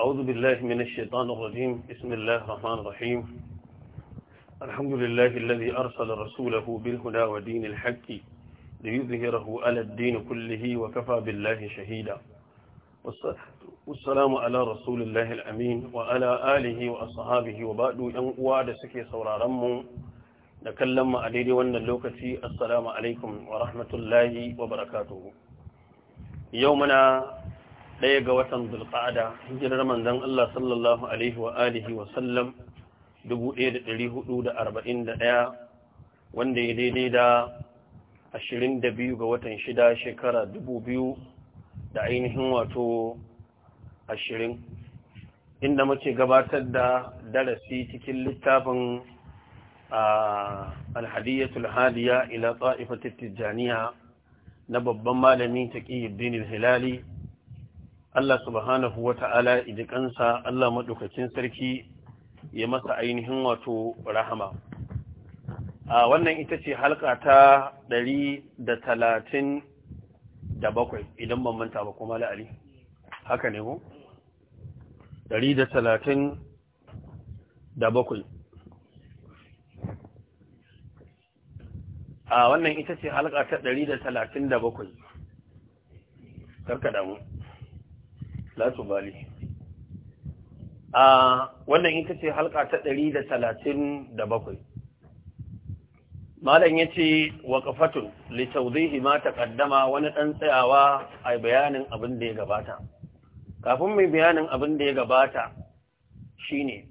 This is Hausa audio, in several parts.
أعوذ بالله من الشيطان الرجيم بسم الله الرحمن الرحيم الحمد لله الذي أرسل رسوله بالهدى ودين الحق ليظهره على الدين كله وكفى بالله شهيدا والسلام على رسول الله الأمين وعلى آله وأصحابه وبعد ينقوى دسكي صورا رمو نكلم عليه وأن اللوكتي السلام عليكم ورحمة الله وبركاته يومنا ɗaya ga watan zulqa'ada hijirar manzon Allah sallallahu alaihi wa alihi wa sallam 1441 wanda ya daidai da 22 ga watan shida shekara 2000 da ainihin wato 20 inda muke gabatar da darasi cikin littafin alhadiyatul hadiya ila ta'ifatit tijaniya na babban malami taqiyuddin al-hilali Allah subhanahu wa ta'ala ijikansa Allah maɗaukacin sarki ya masa ainihin wato rahama. A wannan ita ce halka ta ɗari da talatin da bakwai idan ban manta ba kuma la'ari. Haka ne mu? Ɗari da talatin da bakwai. A wannan ita ce halka ta ɗari da talatin da bakwai. Karka damu. la bali a wannan ita ce halka ta 137 malam yace waqafatun li tawdihi ma taqaddama wani dan tsayawa ai bayanin abin da ya gabata kafin mai bayanin abin da ya gabata shine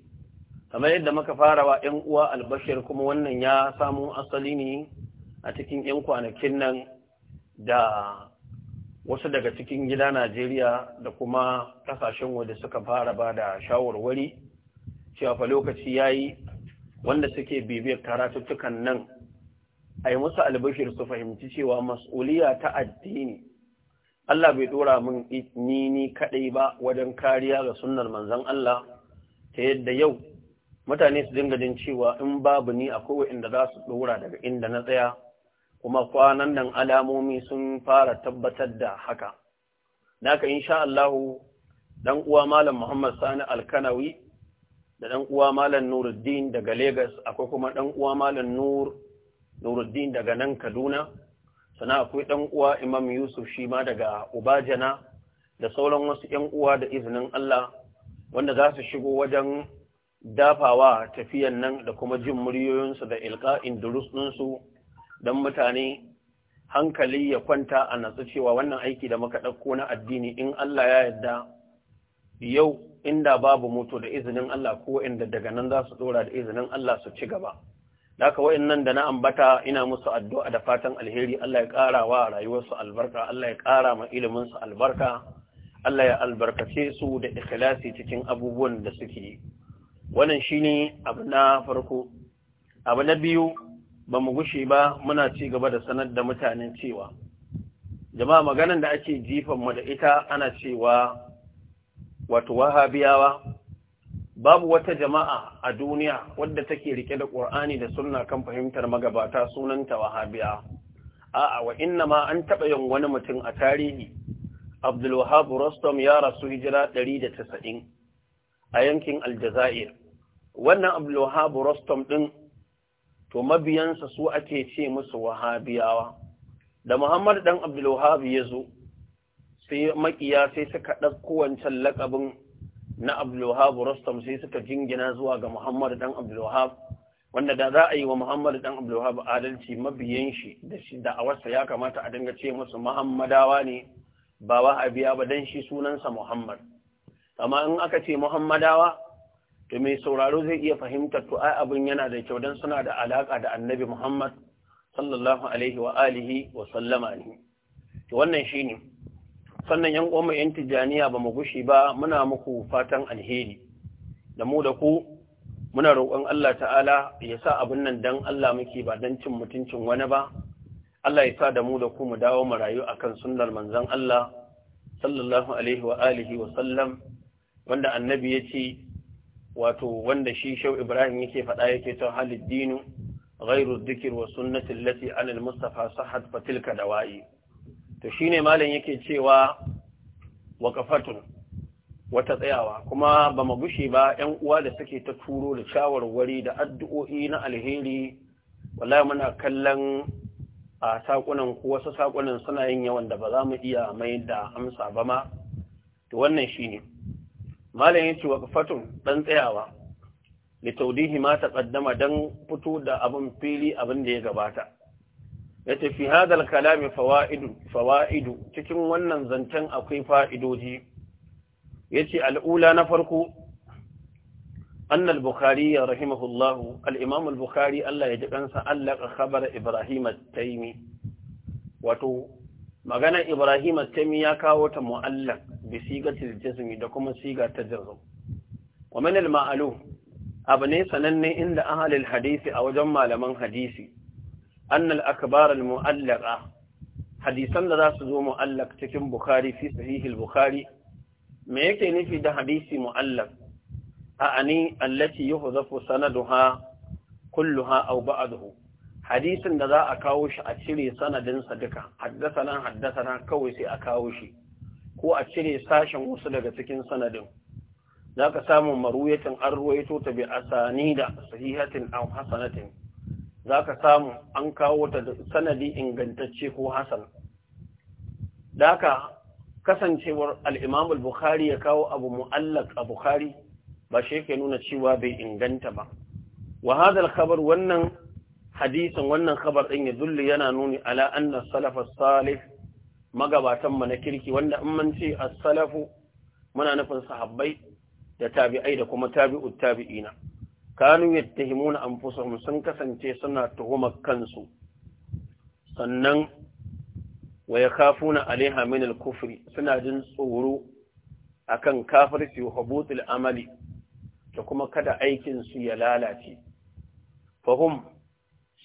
kamar yadda muka fara wa ‘yan uwa albashir kuma wannan ya samu asali ne a cikin ‘yan kwanakin nan da wasu daga cikin gida Najeriya da kuma kasashen waje suka fara ba da shawarwari cewa fa lokaci ya yi wanda suke bibiyar karatuttukan nan a yi musu albashir su fahimci cewa mas'uliya ta addini Allah bai dora min ni ni kaɗai ba wajen kariya ga sunnar manzon Allah ta yadda yau mutane su dinga jin cewa in babu ni akwai inda za su dora daga inda na tsaya kuma kwanan nan alamomi sun fara tabbatar da haka naka insha Allahu ɗan uwa malam Muhammad Sani Alkanawi da ɗan uwa malam Nuruddin daga Legas akwai kuma ɗan uwa malam Nuruddin daga nan Kaduna sana akwai ɗan uwa Imam Yusuf shi ma daga Ubajana da sauran wasu 'yan uwa da izinin Allah wanda za su shigo wajen dafawa tafiyan nan da kuma jin muryoyinsu da ilka'in durus ɗinsu don mutane hankali ya kwanta a natsu cewa wannan aiki da muka ɗauko na addini in Allah ya yarda yau inda babu moto da izinin Allah ko inda daga nan za su dora da izinin Allah su ci gaba. Daka wa'in da na ambata ina musu addu'a da fatan alheri Allah ya ƙara wa rayuwarsu albarka, Allah ya ƙara ma iliminsu albarka, Allah ya albarkace su da ikhlasi cikin abubuwan da suke yi. Wannan shine ne abu na farko. Abu na biyu, ba mu gushe ba muna ci gaba da sanar da mutanen cewa jama'a maganar da ake jifan mu da ita ana cewa wato wahabiyawa babu wata jama'a a duniya wadda take rike da Qur'ani da sunna kan fahimtar magabata sunanta wahabiya a'a wa inna ma an taɓa yin wani mutum a tarihi Abdul wahab ya rasu hijira 190 a yankin Aljazair wannan Abdul wahab ɗin? din to mabiyansa su ake ce musu wahabiyawa da muhammad dan abdulwahab ya zo sai makiya sai suka ɗauko wancan lakabin na abdulwahab rustam sai suka jingina zuwa ga muhammad dan abdulwahab wanda da za a yi wa muhammad dan abdulwahab adalci mabiyan shi da shi da awarsa ya kamata a dinga ce musu muhammadawa ne ba wahabiya ba dan shi sunansa muhammad amma in aka ce muhammadawa to mai sauraro zai iya fahimtar to ai abin yana da kyau dan suna da alaka da annabi Muhammad sallallahu alaihi wa alihi wa sallama ne to wannan shine sannan yan uwan yan tijaniya ba mu gushi ba muna muku fatan alheri da mu da ku muna roƙon Allah ta'ala ya sa abin nan dan Allah muke ba dan cin mutuncin wani ba Allah ya sa da mu da ku mu dawo mu rayu akan sunnar manzon Allah sallallahu alaihi wa alihi wa sallam wanda annabi ya ce wato wanda shi shau ibrahim yake faɗa yake ta dinu ghairu dhikr wa sunnati allati ala al-mustafa fa fatilka dawai to shine malam yake cewa waqafatun wata tsayawa kuma ba mu gushi ba ‘yan uwa da suke ta turo da shawarwari da addu'o'i na alheri wallahi muna kallon a saƙunan ko wasu saƙunan suna yin yawan da ba za mu iya mai da amsa ba ma to wannan shi ne malam yace waqfatun dan tsayawa li tawdihi ma taqaddama dan fito da abin fili abin da ya gabata yace fi hadal kalami fawaidu fawaidu cikin wannan zancen akwai fa'idoji yace al'ula na farko أن البخاري رحمه الله الإمام البخاري ألا يجبنس ألق خبر إبراهيم التيمي وتو مغانا إبراهيم التيمي ta مؤلق bisigatil sigatil jazmi da kuma siga ta jazm wa min al ma'lum abu ne sananne inda ahalil hadisi a wajen malaman hadisi annal akbar al mu'allaqa hadisan da za su zo mu'allaq cikin bukhari fi sahihil bukhari me yake nufi da hadisi mu'allaq a'ani allati yuhzafu sanaduha kulluha aw ba'dahu hadisin da za a kawo shi a cire duka, haddasa duka haddasa haddathana kawai sai a kawo shi ko a cire sashen wasu daga cikin sanadin za ka samun maruyatin an ruwaito ta bi asani da sahihatin an hasanatin za ka samu an kawo ta sanadi ingantacce ko hasan da ka kasancewar alimamul bukhari ya kawo abu mu'allak a bukhari ba shi ke nuna cewa bai inganta ba Wahadar hadal wannan hadisin wannan khabar ɗin ya zulli yana nuni ala anna salafas magabatanmu na kirki wanda in mun ce as-salafu muna nufin sahabbai da tabi'ai da kuma tabi'ut tabi'ina kanu yattahimuna anfusahum sun kasance suna tuhumar kansu sannan wa yakhafuna alaiha min al-kufri suna jin tsoro akan kafirci wa hubutul amali da kuma kada aikin su ya lalace fahum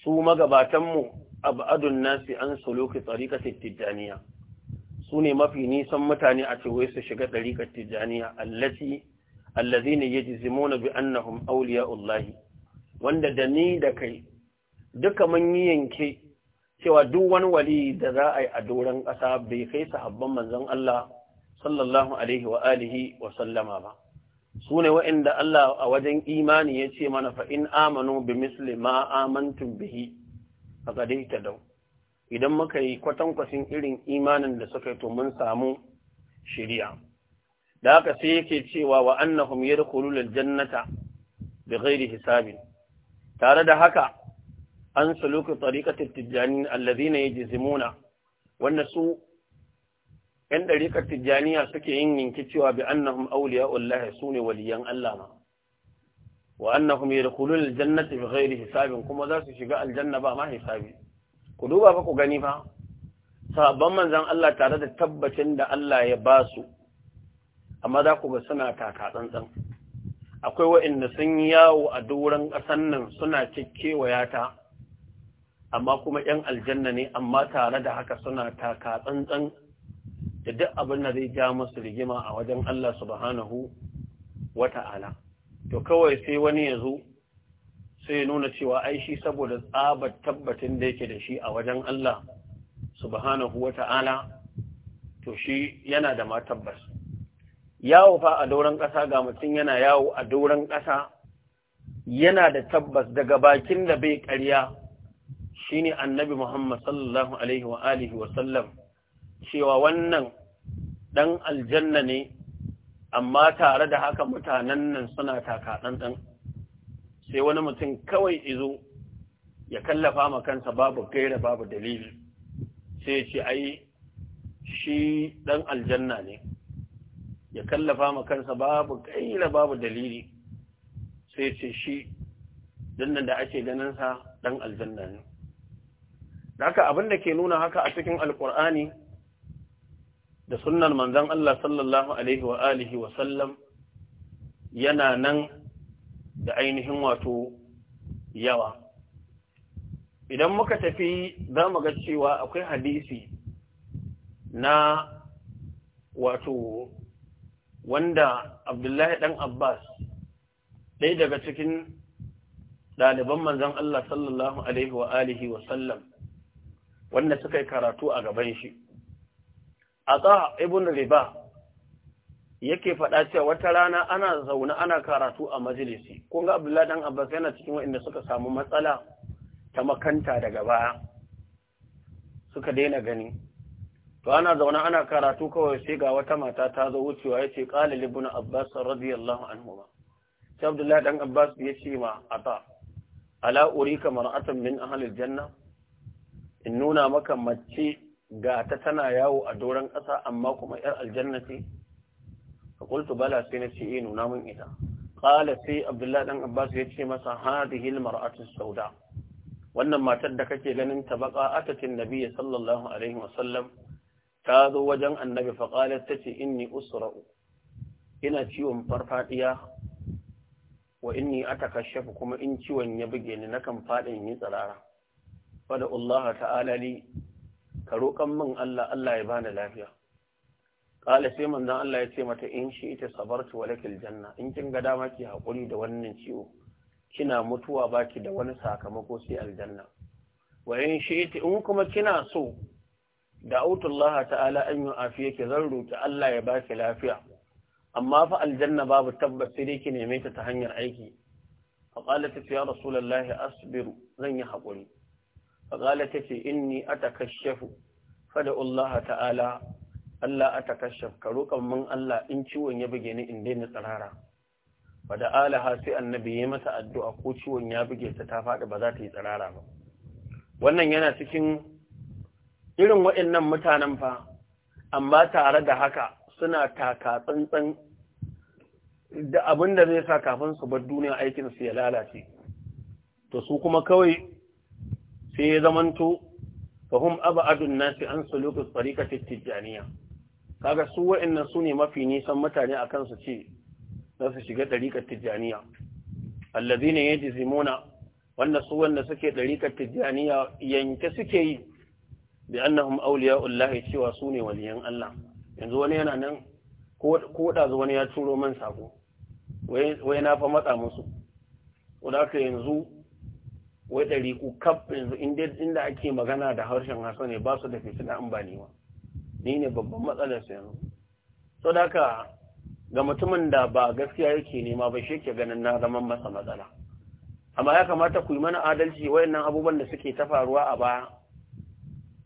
su magabatanmu abadun nasi an suluki tariqati tijaniya su ne mafi nisan mutane a ce su shiga ɗariƙar tijjaniya allati allazina yajzimuna bi annahum awliya'ullahi wanda da ni da kai duka mun yi yanke cewa duk wani wali da za a yi a doron ƙasa bai kai sahabban manzon Allah sallallahu alaihi wa alihi wa sallama ba su ne Allah a wajen imani ya ce mana fa in amanu bi misli ma amantum bihi faqad ihtadaw idan muka yi kwatankwacin irin imanin da suka yi to mun samu shiriya da haka sai yake cewa wa annahum yadkhulul jannata bighairi hisabin tare da haka an suluku tariqatul tijani alladhina yajzimuna wanda su ‘yan ɗariƙar tijjaniya suke yin yanki cewa bi annahum auliya Allah su waliyan Allah ma, wa annahum kulun bi ghairi hisabin kuma za su shiga aljanna ba ma hisabi. ku duba ba ku gani ba sabon manzan Allah tare da tabbacin da Allah ya ba su amma za ku ga suna taka tsantsan akwai waɗanda sun yi yawo a doron ƙasan nan suna cike wayata, amma kuma ‘yan aljanna ne amma tare da haka suna taka tsantsan da duk abin da zai ja musu rigima a wajen Allah subhanahu wata'ala to kawai sai wani ya zo sai nuna cewa ai shi saboda tsabar tabbatin da yake da shi a wajen Allah subhanahu wata'ala to shi yana da ma tabbas yawo fa a doron ƙasa ga mutum yana yawo a doron ƙasa yana da tabbas daga bakin da bai ƙarya shine annabi Muhammad sallallahu alaihi wa alihi wa sallam cewa wannan ɗan aljanna ne amma tare da haka mutanen nan suna taka ɗanɗan sai wani mutum kawai izo ya kallafa ma kansa babu gaira babu dalili sai ce ai shi dan aljanna ne ya kallafa ma kansa babu gaira babu dalili sai ce shi dandan da ake ganin sa dan aljanna ne da haka abin da ke nuna haka a cikin alkur'ani da sunnar manzon Allah sallallahu alaihi wa alihi wa sallam yana nan da ainihin wato yawa idan muka tafi za mu ga cewa akwai hadisi na wato wanda abdullahi ɗan abbas ɗaya daga cikin ɗaliban manzan Allah sallallahu Alaihi wa alihi wanda suka yi karatu a gaban shi a ibn riba yake faɗa cewa wata rana ana zaune ana karatu a majalisi kun abdullahi dan abbas yana cikin waɗanda suka samu matsala ta makanta daga baya suka daina gani to ana zaune ana karatu kawai sai ga wata mata ta zo wucewa yace qala ibn abbas radiyallahu anhuma sai abdullahi dan abbas yace ma ata ala urika mar'atan min ahli aljanna in nuna maka mace ga ta tana yawo a doron ƙasa amma kuma 'yar aljanna ce fa qultu bala sai na ce eh nuna ita ƙala sai abdullahi ɗan abbas ya ce masa hadhihi almar'atu sauda wannan matar da kake ganin ta baka atatin nabiyyi sallallahu alaihi wasallam ta zo wajen annabi fa qalat tace inni usra'u ina ciwon farfadiya wa inni atakashafu kuma in ciwon ya buge ni nakan fadin yi tsirara fada Allah ta'ala li ka roƙan min Allah Allah ya bani lafiya qala sai manzan Allah ya ce mata in shi ita sabartu walakil janna in kin ga dama ki hakuri da wannan ciwo kina mutuwa baki da wani sakamako sai aljanna wa in shi ita in kuma kina so da autullah ta'ala an yi afiya ki zan roki Allah ya baki lafiya amma fa aljanna babu tabbas sai dai ki neme ta ta hanyar aiki fa qalat ya rasulullahi asbiru zan yi hakuri fa qalat inni fa da Allah ta'ala Allah a takashaf ka roƙon min Allah in ciwon ya buge ni in daina tsirara Bada da alaha sai annabi ya yi mata addu'a ko ciwon ya buge ta ta faɗi ba za ta yi tsirara ba wannan yana cikin irin waɗannan mutanen fa amma tare da haka suna taka tsantsan da abin da zai sa kafin su bar duniya aikin su ya lalace to su kuma kawai sai ya zamanto fahim abu adun nasi an sulukus tariqatit tijaniya kaga su wa'annan su ne mafi nisan mutane a kansu ce za su shiga ɗariƙar tijjaniya allazi ne ya jizimuna wanda su wanda suke ɗariƙar tijjaniya yanke suke yi bi annahum auliya ullahi cewa su ne waliyan Allah yanzu wani yana nan ko da wani ya turo man sako wai na fa matsa musu wanda ka yanzu wai ɗariƙu kaf yanzu inda ake magana da harshen hasa ne ba su da fitina an ba ne ni ne babban matsalar su yanzu so da haka ga mutumin da ba gaskiya yake nema ba shi ke ganin na zama masa matsala amma ya kamata ku yi mana adalci wayannan abubuwan da suke ta faruwa a baya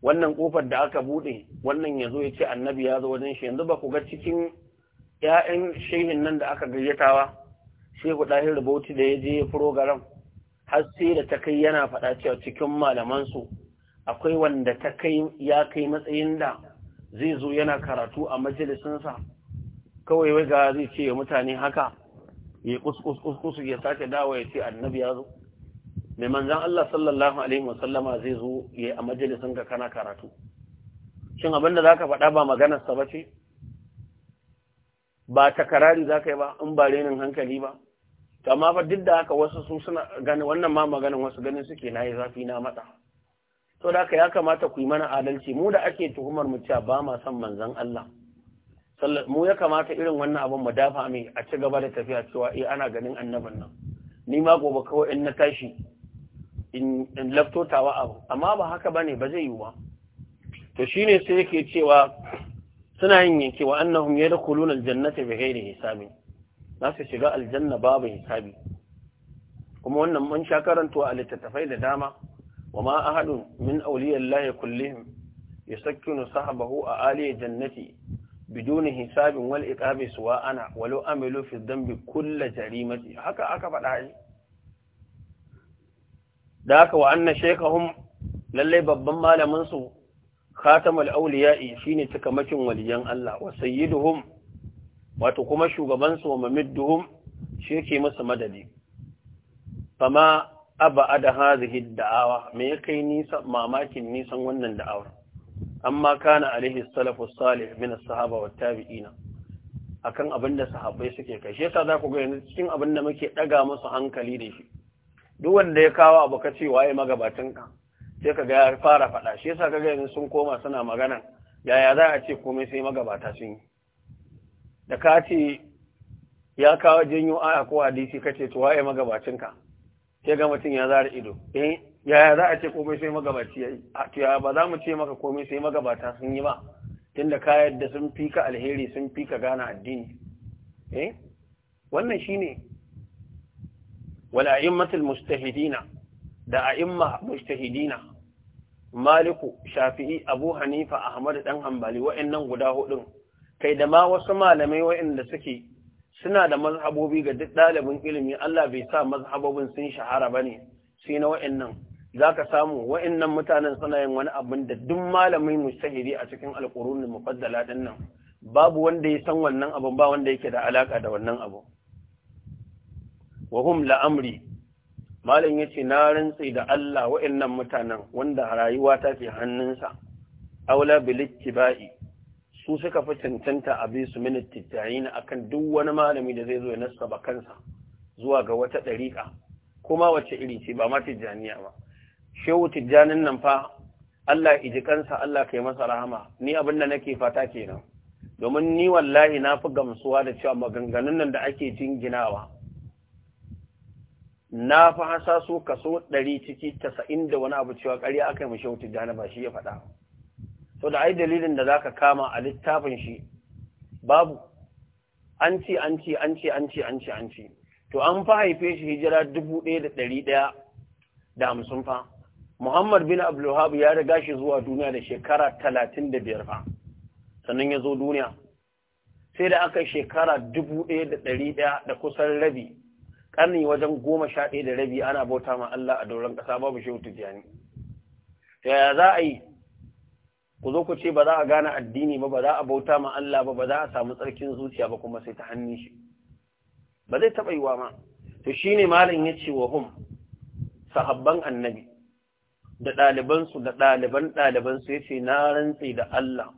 wannan kofar da aka bude wannan ya zo ya ce annabi ya zo wajen shi yanzu ba ku ga cikin ‘ya'yan shehin nan da aka gayyatawa shehu ɗahin rubauti da ya je program har sai da ta kai yana faɗa cewa cikin malamansu akwai wanda ta kai ya kai matsayin da zai zo yana karatu a majalisinsa kawai wai ga zai ce mutane haka ya kuskus ya sake dawa ya ce annabi ya zo mai manzan Allah sallallahu alaihi wasallama zai zo ya a majalisin ka kana karatu shin abinda za ka faɗa ba maganarsa ba ce? ba takarari zaka yi ba in ba renin hankali ba to duk da haka wasu su suna ganin wannan ma maganin wasu ganin suke na yi zafi na matsa. Sau da ya kamata ku yi mana adalci mu da ake tuhumar mu cewa ba ma son manzon Allah mu ya kamata irin wannan abin mu dafa mai a ci gaba da tafiya cewa eh ana ganin annabin nan ni ma gobe kawai in na tashi in laftotawa abu amma ba haka bane ba zai yi ba to shine sai yake cewa suna yin yanke wa annahum yadkhuluna aljannata bighairi hisabi za su shiga aljanna babu hisabi kuma wannan mun sha karantawa a littattafai da dama وما أحد من أولياء الله كلهم يسكن صاحبه أعالي جنتي بدون حساب والإقاب سواء أنا ولو أملوا في الذنب كل جريمة هكا هكا فدعي ذاك وأن شيخهم للي ببما لمنسو خاتم الأولياء شيني تكمت وليان الله وسيدهم وتقمشوا شغبانسو وممدهم شيكي مس فما aba ada hadhihi da'awa me ya kai nisa mamakin nisan wannan da'awar amma kana alaihi salafu salih min as-sahaba wat tabi'ina akan abin da sahabbai suke kai shi yasa zaku ga yanzu cikin abin da muke daga musu hankali da shi duk wanda ya kawo abu ka ce waye magabatan ka sai kaga ya fara fada shi yasa kaga yanzu sun koma suna magana yaya za a ce komai sai magabata sun yi da ka ya kawo janyo aya ko hadisi kace to waye magabacin ka sai ga mutum ya zara ido eh yaya za a ce komai sai magabaci to ya ba za mu ce maka komai sai magabata sun yi ba tunda ka yadda sun fika alheri sun fika gana addini eh wannan shine wala a'immatul mustahidina da a'imma mustahidina maliku shafi'i abu hanifa Ahmadu, dan hanbali wa'annan guda hudun kai da ma wasu malamai wa'anda suke suna da mazhabobi ga duk ɗalibin ilimi Allah bai sa mazhabobin sun shahara ba ne sai na wa'annan za ka samu wa'annan mutanen suna yin wani abin da duk malamai mustahiri a cikin alƙurun mufaddala din nan babu wanda ya san wannan abin ba wanda yake da alaka da wannan abu Wahum hum la'amri malam yace na rantsi da Allah wa'annan mutanen wanda rayuwa ta ke hannunsa aula bil ittiba'i su suka fi cancanta a bi su minit tittayin akan duk wani malami da zai zo ya nasaba kansa zuwa ga wata ɗariƙa kuma wace iri ce ba ma tijjaniya ba shehu tijjanin nan fa Allah iji kansa Allah kai masa rahama ni abin da nake fata kenan domin ni wallahi na fi gamsuwa da cewa maganganun nan da ake jinginawa na fi hasa su kaso ɗari ciki tasa'in da wani abu cewa ƙarya aka yi mu shehu ba shi ya faɗa to da ai dalilin da zaka kama a littafin shi babu an ce an ce an ce an ce an ce an ce to an fa haife shi hijira dubu ɗaya da ɗari ɗaya da hamsin fa muhammad bin abdulwahab ya riga shi zuwa duniya da shekara talatin da biyar fa sannan ya zo duniya sai da aka shekara dubu ɗaya da ɗari ɗaya da kusan rabi ƙarni wajen goma sha ɗaya da rabi ana bauta ma Allah a doron ƙasa babu shehu tijani ta yaya za a yi ku zo ku ce ba za a gane addini ba ba za a bauta ma Allah ba ba za a samu tsarkin zuciya ba kuma sai ta hannun shi ba zai taɓa yiwa ma to shine malam ya ce wa hum sahabban annabi da ɗalibansu da ɗaliban ɗalibansu ya ce na rantse da Allah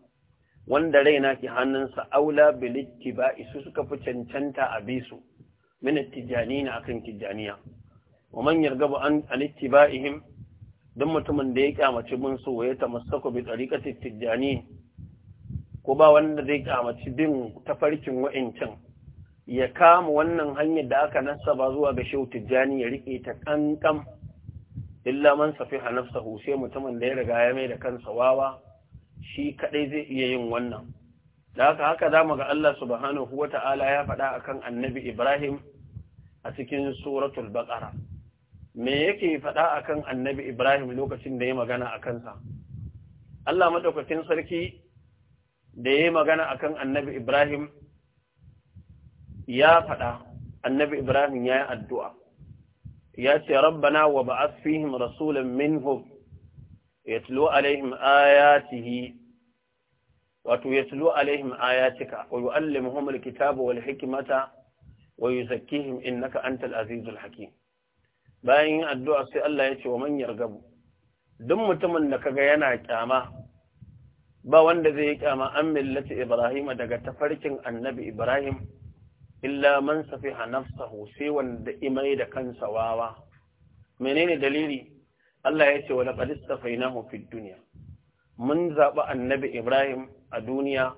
wanda raina ke hannunsa aula bilitti ba isu suka fi cancanta a bisu min tijani na akan tijjaniya wa man yargaba an him. don mutumin da ya kyamaci bin su ya tamassaku bi tariqati tijjani ko ba wanda zai kyamaci bin tafarkin wa'incin ya kama wannan hanyar da aka nasaba zuwa ga shehu tijjani ya rike ta ƙanƙan? illa man a nafsahu sai mutumin da ya riga ya mai da kansa wawa shi kaɗai zai iya yin wannan da haka haka mu ga Allah subhanahu wata'ala ya faɗa akan annabi Ibrahim a cikin suratul baqara me yake faɗa akan annabi Ibrahim lokacin da ya magana a kansa Allah madaukakin sarki da ya magana akan annabi Ibrahim ya faɗa annabi Ibrahim ya yi addu'a ya ce rabbana wa ba'ath fihim rasulun minhum yatlu alaihim ayatihi wato yatlu alaihim ayatika wa yu'allimuhum alkitaba wal hikimata wa yuzakkihim innaka antal azizul hakim bayan yin addu'a sai Allah ya ce wa manyar gabu duk mutumin da kaga yana kyama ba wanda zai yi kyama an millata Ibrahim daga tafarkin annabi Ibrahim illa man safi nafsahu hose wanda imai da kansa wawa menene dalili Allah ya ce wa laqad istafainahu fid dunya mun zaɓi annabi Ibrahim a duniya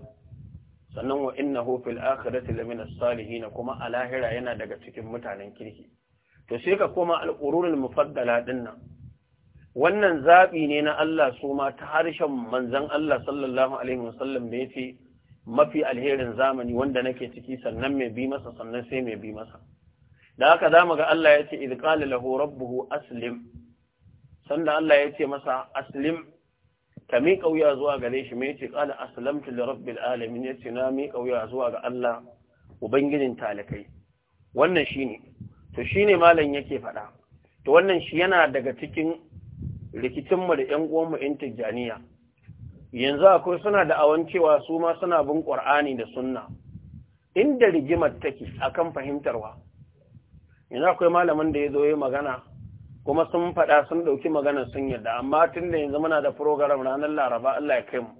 sannan wa innahu fil akhirati lamina salihina kuma a lahira yana daga cikin mutanen kirki to sai ka koma alƙururin mufaddala dinna nan wannan zaɓi ne na Allah su ma ta harshen manzon Allah sallallahu alaihi wasallam da yace mafi alherin zamani wanda nake ciki sannan mai bi masa sannan sai mai bi masa da haka za mu ga Allah ya ce idh qala lahu rabbuhu aslim sannan Allah yace masa aslim ka miƙa wuya zuwa gare shi me yace qala aslamtu li rabbil alamin ya na miƙa wuya zuwa ga Allah ubangijin talakai wannan shine to shi ne malam yake faɗa to wannan shi yana daga cikin rikicinmu da ƴan uwanmu ƴan tijjaniya yanzu akwai suna da awan cewa su ma suna bin ƙur'ani da sunna inda rigimar take akan fahimtarwa yanzu akwai malamin da ya zo ya magana kuma sun faɗa sun ɗauki maganar sun yarda amma tun da yanzu muna da program ranar laraba Allah ya kai mu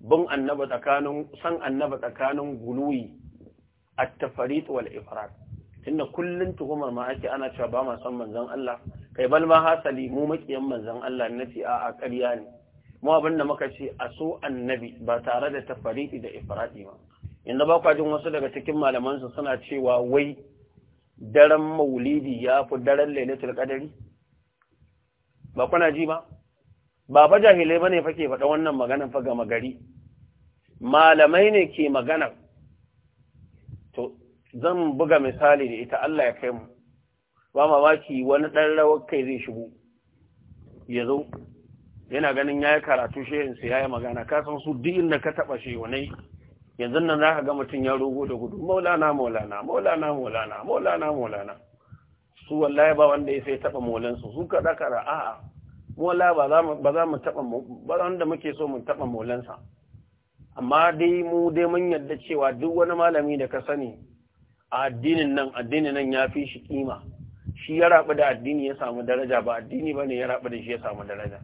bin annaba tsakanin san annaba tsakanin guluwi at-tafarit wal ifrat tunda kullun tuhumar ma ake ana cewa ba ma san manzon Allah kai bal ma hasali mu makiyan manzon Allah nace a a ƙarya ne mu abin da muka ce a so annabi ba tare da tafariqi da ifradi ba inda ba jin wasu daga cikin malaman su suna cewa wai daren maulidi ya fi daren lailatul qadari ba kuna ji ba ba fa jahilai bane fa ke faɗa wannan maganan fa ga magari malamai ne ke magana to zan buga misali da ita Allah ya kai mu ba mamaki wani ɗan rawar kai zai shigo ya zo yana ganin ya yi karatu shehinsu ya yi magana ka san su duk inda ka taɓa shi wani yanzu nan za ka ga mutum ya rogo da gudu maulana maulana maulana maulana maulana maulana su wallahi ba wanda ya sai taɓa molansu su kaɗa kara a'a mola ba za mu taɓa ba wanda muke so mu taɓa molansa amma dai mu dai mun yarda cewa duk wani malami da ka sani addinin nan addinin nan ya fi shi kima shi ya rabu da addini ya samu daraja ba addini ba ne ya rabu da shi ya samu daraja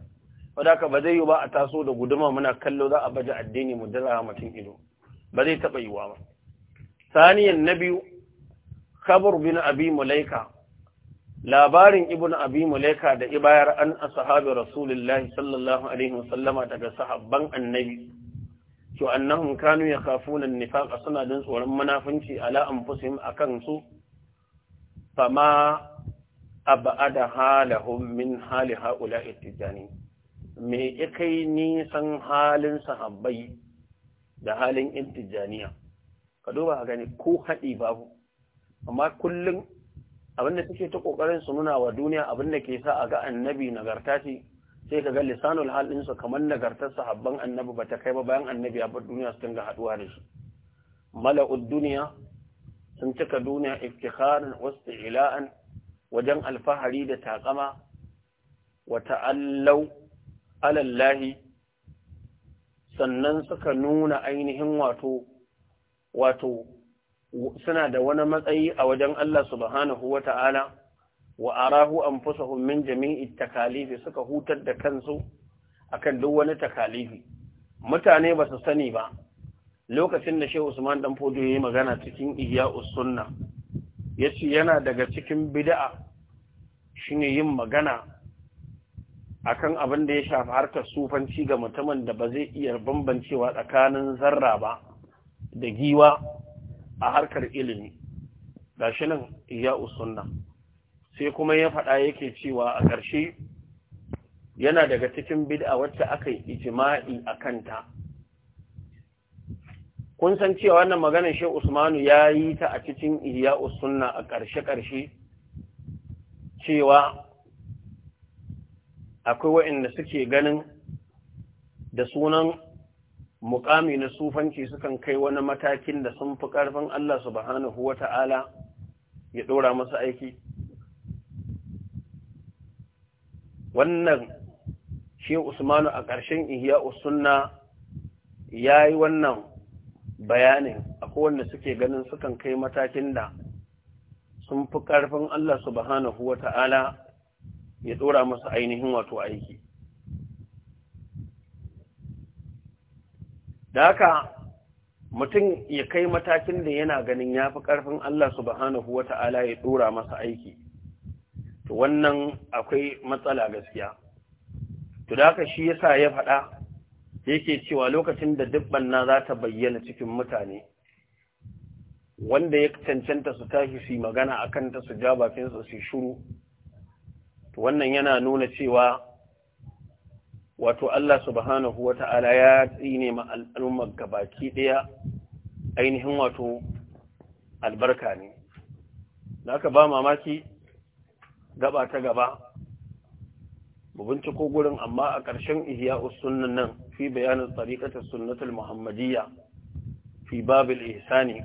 wadaka ba zai yi ba a taso da guduma muna kallo za a baje addini mu dara mutum ido ba zai taɓa yiwa ba saniyan na biyu kabur bin abi mulaika labarin ibn abi mulaika da ibayar an ashabi rasulullahi sallallahu alaihi wasallama daga sahabban annabi to annahum kanu yakhafuna an-nifaq suna jin tsoron munafinci ala anfusihim akan su fama abada halahum min hali haula'i tijani me kai san halin sahabbai da halin intijaniya ka duba gani ko haɗi babu amma kullum abinda suke ta ƙoƙarin su nuna wa duniya abinda ke sa a ga annabi nagarta ce sai ka ga lisanul hal ɗinsu kamar nagartar sahabban annabi ba ta kai ba bayan annabi a bar duniya su dinga haɗuwa da shi mala'ud duniya sun cika duniya iftikharin wasu ila'an wajen alfahari da taƙama wa ta'allau alallahi sannan suka nuna ainihin wato wato suna da wani matsayi a wajen Allah subhanahu wa ta'ala wa arahu anfusahum min jami'i takalifi suka hutar da kansu akan duk wani takalifi mutane ba su sani ba lokacin da Shehu Usman dan Fodo yayi magana cikin Ihya'us Sunna yace yana daga cikin bid'a shine yin magana akan abin da ya shafi harkar sufanci ga mutumin da ba zai iya bambancewa tsakanin zarra ba da giwa a harkar ilimi gashi nan iya Sunna sai kuma ya faɗa yake cewa a ƙarshe yana daga cikin bid'a wacce aka yi ijima'i a kanta kun san cewa wannan maganar shi usmanu ya yi ta a cikin iya usunna a ƙarshe-ƙarshe cewa akwai waɗanda suke ganin da sunan mukami na sufanci sukan kai wani matakin da sun fi ƙarfin Allah subhanahu wa ta'ala ya ɗora masu aiki wannan shi usmanu a ƙarshen ihya usunna ya yi wannan bayanin a kowanne suke ganin sukan kai matakin da sun fi ƙarfin Allah subhanahu wa ta'ala ya tsora masu ainihin wato aiki. Da haka mutum ya kai matakin da yana ganin ya fi ƙarfin Allah subhanahu wa ta'ala ya tsora masa aiki. to wannan akwai matsala gaskiya to da haka shi yasa ya faɗa yake cewa lokacin da dubban na za ta bayyana cikin mutane wanda ya cancanta su tashi su magana a kanta su ja bakinsa su shuru to wannan yana nuna cewa wato Allah subhanahu wata'ala ya tsine ma al'umma gabaki ɗaya ainihin wato albarka ne da aka ba mamaki gaba ta gaba mu binciko gurin amma a ƙarshen ihya sunnan nan fi bayanin tsarikatar sunnatul muhammadiyya fi babil ihsani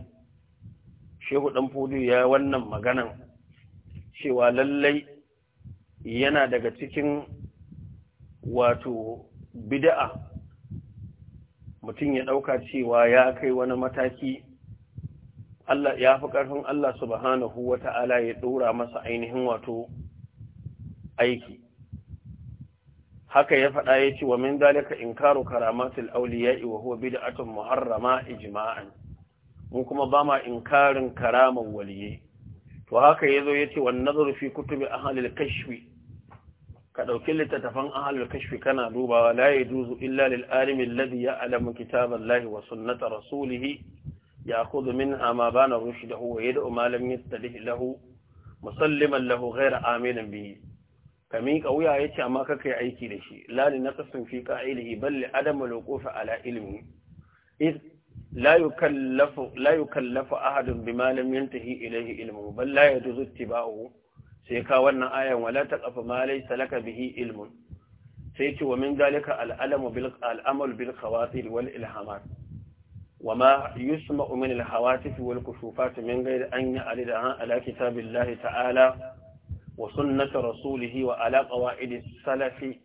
shehu dan fudu ya wannan maganan cewa lallai yana daga cikin wato bid'a mutum ya ɗauka cewa ya kai wani mataki Allah ya fi ƙarfin Allah subhanahu wa ta'ala ya ɗora masa ainihin wato aiki haka ya faɗa ya ce wa min dalika inkaru karamatul awliya'i wa huwa bid'atun muharrama ijma'an mu kuma ba ma inkarin karaman waliye to haka yazo yace wan nazaru fi kutubi ahlil kashfi ka dauki littafan ahlil kashfi kana dubawa la yajuzu illa lil alimi alladhi ya'lamu kitaballahi wa sunnata rasulih ya'khudhu min ama bana rushdahu wa yad'u ma lam yastadih lahu musalliman lahu ghayra aminan bihi ka miƙa wuya ya ce amma kake aiki da shi la na kasan fi qa'ilihi bal li adam al lokofa ala ilmi iz la yukallafu la yukallafu ahadun bima lam yantahi ilayhi ilmu bal la yajuzu ittiba'uhu sai ka wannan ayan wala taqafu ma laysa laka bihi ilmu sai ce wa min dalika alamu bil al amal bil khawatir wal ilhamat وما يسمع من الحواتف والكشوفات من غير أن يعرضها على كتاب الله تعالى وسنة رسوله وعلى قواعد السلف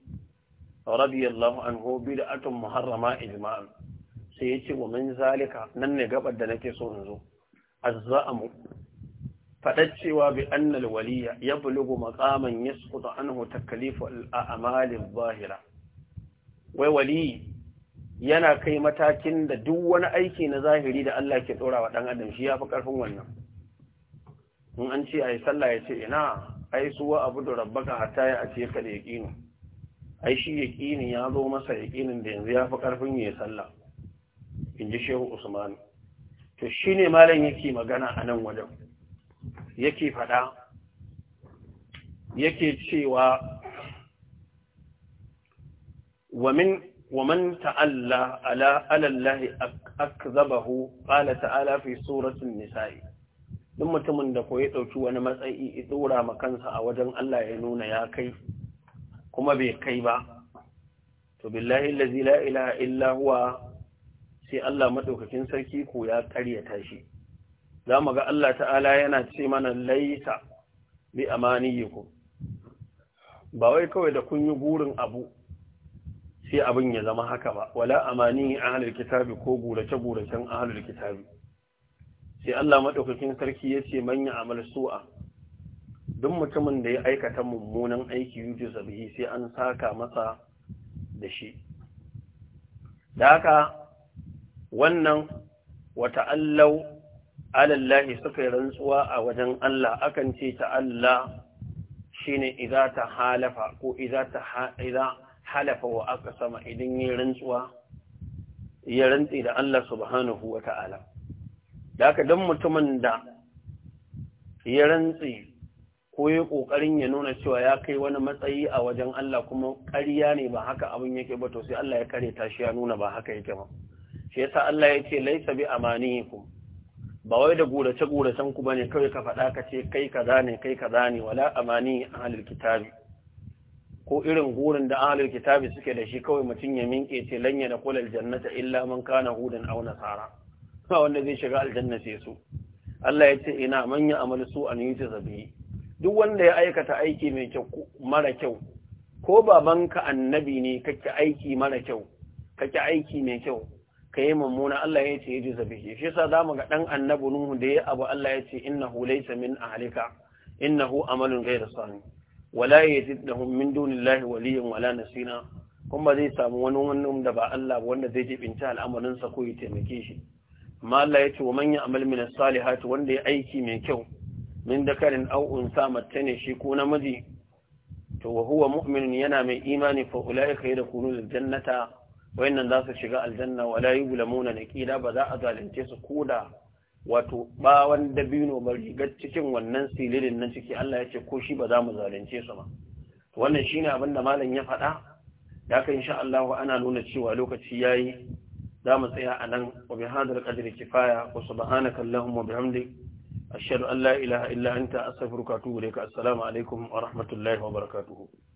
رضي الله عنه بدعة محرمة إجماعا سيتي ومن ذلك نن قبل دنك سنزو الزأم فتتشوى بأن الولي يبلغ مقاما يسقط عنه تكليف الأعمال الظاهرة وولي yana kai matakin da duk wani aiki na zahiri da Allah ke tsora wa ɗan adam shi ya fi ƙarfin wannan in an ce a yi sallah ya ce ina ai suwa abu da rabbaka hatta ya ace ka da yaqini ai shi yaqini ya zo masa yaqinin da yanzu ya fi karfin ya sallah inji shehu usman to shine malam yake magana anan nan wajen yake fada yake cewa ومن ومن تعلى على على الله أكذبه قال تعالى في سورة النساء duk mutumin da ko ya ɗauki wani matsayi ya ɗora ma kansa a wajen Allah ya nuna ya kai kuma bai kai ba to billahi allazi la ilaha illa huwa sai Allah madaukakin sarki ko ya karyata shi za mu ga Allah ta'ala yana ce mana laisa bi amaniyikum ba wai kawai da kun yi gurin abu sai abin ya zama haka ba wala amani ahlul kitabi ko gurace guracen ahlul kitabi sai Allah maɗaukakin sarki ya ce man ya amal su'a duk mutumin da ya aikata mummunan aiki yuju sabihi sai an saka masa da shi da haka wannan wata allau alallahi suka yi rantsuwa a wajen Allah akan ce ta Allah shine idza ta halafa ko idza ta halafa wa aka sama idan yi rantsuwa ya rantsi da Allah subhanahu wa ta'ala. da aka don mutumin da ya rantse ko ya ƙoƙarin ya nuna cewa ya kai wani matsayi a wajen Allah kuma ƙariya ne ba haka abin yake ba to sai Allah ya kare ta shi ya nuna ba haka yake ba shi yasa Allah ya ce laisa bi amaniyikum ba wai da gurace guracen ku bane kawai ka faɗa ka ce kai kaza ne kai kaza ne wala amani ahlul kitabi ko irin gurin da ahlul kitabi suke da shi kawai mutum ya minke ce lanya da kullal jannata illa man kana hudan aw nasara ba wanda zai shiga aljanna sai su Allah ya ce ina manyan ya amal su an yi zabi duk wanda ya aikata aiki mai kyau mara kyau ko babanka annabi ne kake aiki mara kyau kake aiki mai kyau ka yi mummuna Allah ya ce yaji zabi shi yasa zamu ga dan annabi nuhu da ya abu Allah ya ce innahu laysa min ahlika innahu amalun ghayra salih wala yazidhum min dunillahi waliyyan wala nasira kuma zai samu wani wannan da ba Allah wanda zai jibinta al'amarin sa ko ya taimake shi ma Allah ya ce wa manya amal min salihati wanda ya aiki mai kyau min dakarin au'un unsa mace ne shi ko namiji to wa huwa mu'min yana mai imani fa da kunu Jannata? wayannan za su shiga aljanna wa la yuzlamuna naqila ba za a zalunce su koda wato bawan dabino ba rigar cikin wannan sililin nan ciki Allah ya ce ko shi ba za mu zalunce su ba wannan shine abin da malam ya faɗa da haka insha Allah ana nuna cewa lokaci yayi da mu tsaya a nan wa bi hadar qadri kifaya wa subhanaka allahumma bihamdik ashhadu an la ilaha illa anta astaghfiruka wa atubu ilaik assalamu alaikum wa rahmatullahi wa barakatuh